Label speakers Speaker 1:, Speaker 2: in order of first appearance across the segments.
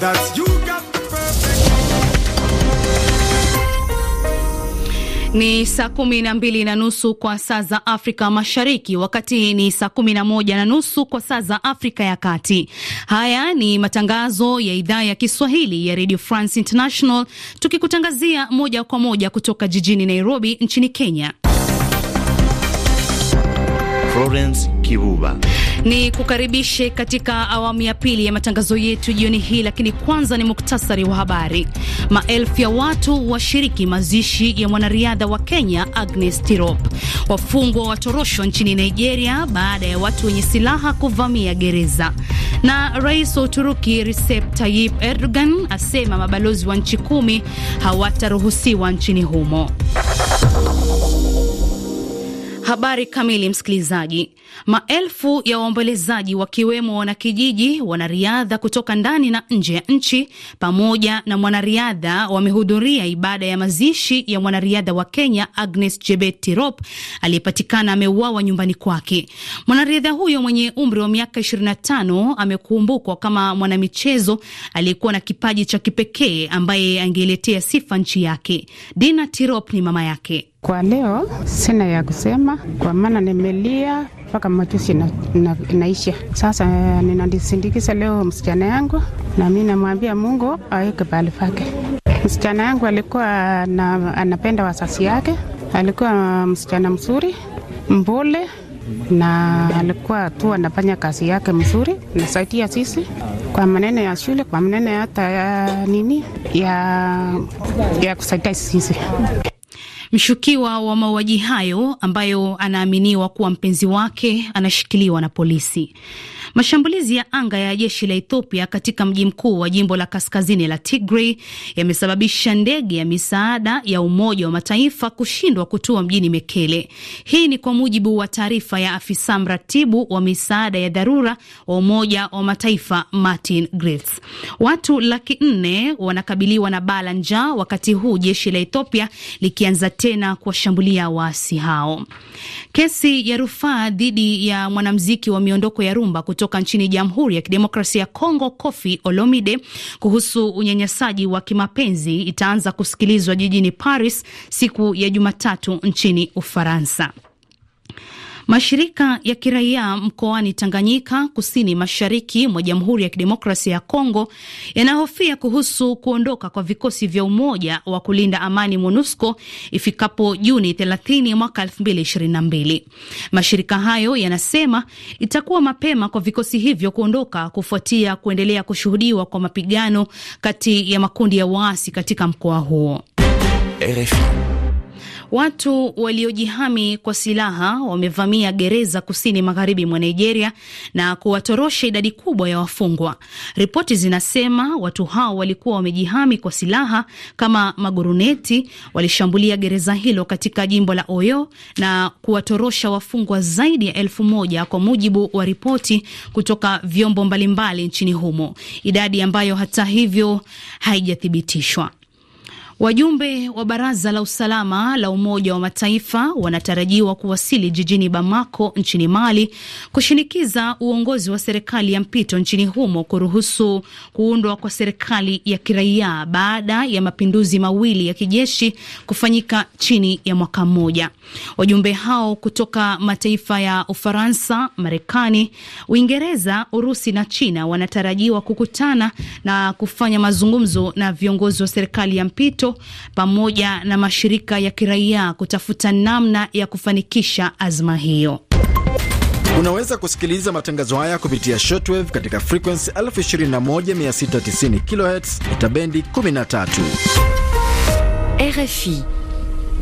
Speaker 1: you got the perfect. Ni saa kumi na mbili na nusu kwa saa za Afrika Mashariki, wakati ni saa kumi na moja na nusu kwa saa za Afrika ya Kati. Haya ni matangazo ya idhaa ya Kiswahili ya Radio France International, tukikutangazia moja kwa moja kutoka jijini Nairobi nchini Kenya. Florence Kibuba. Ni kukaribishe katika awamu ya pili ya matangazo yetu jioni hii, lakini kwanza ni muktasari wa habari. Maelfu ya watu washiriki mazishi ya mwanariadha wa Kenya Agnes Tirop. Wafungwa watoroshwa nchini Nigeria baada ya watu wenye silaha kuvamia gereza. Na rais wa Uturuki Recep Tayyip Erdogan asema mabalozi wa nchi kumi hawataruhusiwa nchini humo. Habari kamili, msikilizaji. Maelfu ya waombolezaji wakiwemo wanakijiji, wanariadha kutoka ndani na nje ya nchi pamoja na mwanariadha wamehudhuria ibada ya mazishi ya mwanariadha wa Kenya Agnes Chebet Tirop aliyepatikana ameuawa nyumbani kwake. Mwanariadha huyo mwenye umri wa miaka 25 amekumbukwa kama mwanamichezo aliyekuwa na kipaji cha kipekee ambaye angeletea sifa nchi yake. Dina Tirop ni mama yake. Kwa leo sina ya kusema, kwa maana nimelia mpaka machozi na, na, naisha. Sasa eh, ninadisindikiza leo msichana yangu, na mi namwambia Mungu aweke pahali pake. Msichana yangu alikuwa na, anapenda wasasi yake, alikuwa msichana mzuri, mbole na alikuwa tu anafanya kazi yake mzuri, nasaidia sisi kwa maneno ya shule, kwa maneno hata ya nini ya, ya kusaidia sisi. Mshukiwa wa mauaji hayo ambayo anaaminiwa kuwa mpenzi wake anashikiliwa na polisi. Mashambulizi ya anga ya jeshi la Ethiopia katika mji mkuu wa jimbo la kaskazini la Tigray yamesababisha ndege ya misaada ya Umoja wa Mataifa kushindwa kutua mjini Mekele. Hii ni kwa mujibu wa taarifa ya afisa mratibu wa misaada ya dharura wa Umoja wa Mataifa Martin Griffiths. Watu laki nne wanakabiliwa na baa la njaa wakati huu jeshi la Ethiopia likianza tena kuwashambulia waasi hao. Kesi ya rufaa dhidi ya mwanamuziki wa miondoko ya rumba kutoka nchini Jamhuri ya Kidemokrasia ya Kongo, Kofi Olomide, kuhusu unyanyasaji wa kimapenzi itaanza kusikilizwa jijini Paris siku ya Jumatatu nchini Ufaransa. Mashirika ya kiraia mkoani Tanganyika, kusini mashariki mwa Jamhuri ya Kidemokrasia ya Kongo, yanahofia kuhusu kuondoka kwa vikosi vya Umoja wa kulinda amani MONUSCO ifikapo Juni 30 mwaka 2022. Mashirika hayo yanasema itakuwa mapema kwa vikosi hivyo kuondoka kufuatia kuendelea kushuhudiwa kwa mapigano kati ya makundi ya waasi katika mkoa huo. Watu waliojihami kwa silaha wamevamia gereza kusini magharibi mwa Nigeria na kuwatorosha idadi kubwa ya wafungwa. Ripoti zinasema watu hao walikuwa wamejihami kwa silaha kama maguruneti, walishambulia gereza hilo katika jimbo la Oyo na kuwatorosha wafungwa zaidi ya elfu moja kwa mujibu wa ripoti kutoka vyombo mbalimbali mbali nchini humo, idadi ambayo hata hivyo haijathibitishwa. Wajumbe wa baraza la usalama la Umoja wa Mataifa wanatarajiwa kuwasili jijini Bamako nchini Mali kushinikiza uongozi wa serikali ya mpito nchini humo kuruhusu kuundwa kwa serikali ya kiraia baada ya mapinduzi mawili ya kijeshi kufanyika chini ya mwaka mmoja. Wajumbe hao kutoka mataifa ya Ufaransa, Marekani, Uingereza, Urusi na China wanatarajiwa kukutana na kufanya mazungumzo na viongozi wa serikali ya mpito watoto pamoja na mashirika ya kiraia kutafuta namna ya kufanikisha azma hiyo. Unaweza kusikiliza matangazo haya kupitia shortwave katika frekuensi 21690 kHz itabendi 13 RFI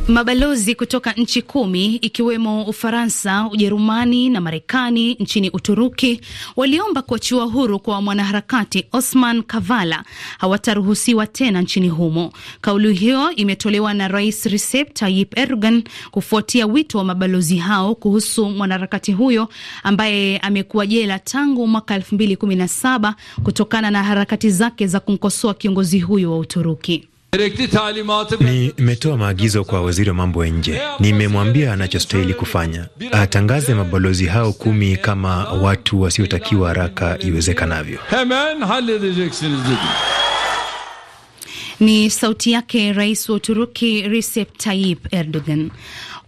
Speaker 1: Mabalozi kutoka nchi kumi ikiwemo Ufaransa, Ujerumani na Marekani nchini Uturuki waliomba kuachiwa huru kwa mwanaharakati Osman Kavala hawataruhusiwa tena nchini humo. Kauli hiyo imetolewa na Rais Recep Tayyip Erdogan kufuatia wito wa mabalozi hao kuhusu mwanaharakati huyo ambaye amekuwa jela tangu mwaka 2017 kutokana na harakati zake za kumkosoa kiongozi huyo wa Uturuki. Nimetoa maagizo kwa waziri wa mambo ya nje, nimemwambia anachostahili kufanya, atangaze mabalozi hao kumi kama watu wasiotakiwa haraka iwezekanavyo. Ni sauti yake rais wa Uturuki Recep Tayyip Erdogan.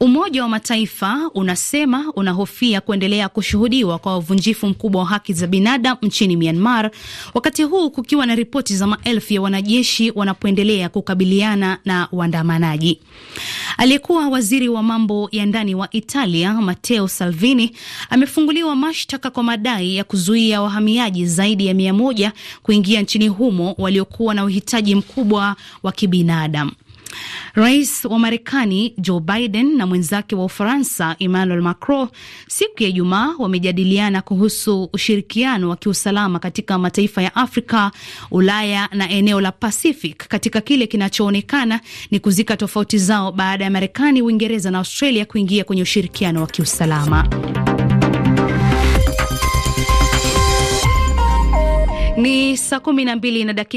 Speaker 1: Umoja wa Mataifa unasema unahofia kuendelea kushuhudiwa kwa uvunjifu mkubwa wa haki za binadamu nchini Myanmar, wakati huu kukiwa na ripoti za maelfu ya wanajeshi wanapoendelea kukabiliana na waandamanaji. Aliyekuwa waziri wa mambo ya ndani wa Italia Matteo Salvini amefunguliwa mashtaka kwa madai ya kuzuia wahamiaji zaidi ya mia moja kuingia nchini humo waliokuwa na uhitaji mkubwa kuwa wa kibinadamu. Rais wa Marekani Joe Biden na mwenzake wa Ufaransa Emmanuel Macron siku ya Ijumaa wamejadiliana kuhusu ushirikiano wa kiusalama katika mataifa ya Afrika, Ulaya na eneo la Pacific katika kile kinachoonekana ni kuzika tofauti zao baada ya Marekani, Uingereza na Australia kuingia kwenye ushirikiano wa kiusalama. Ni saa kumi na mbili na dakika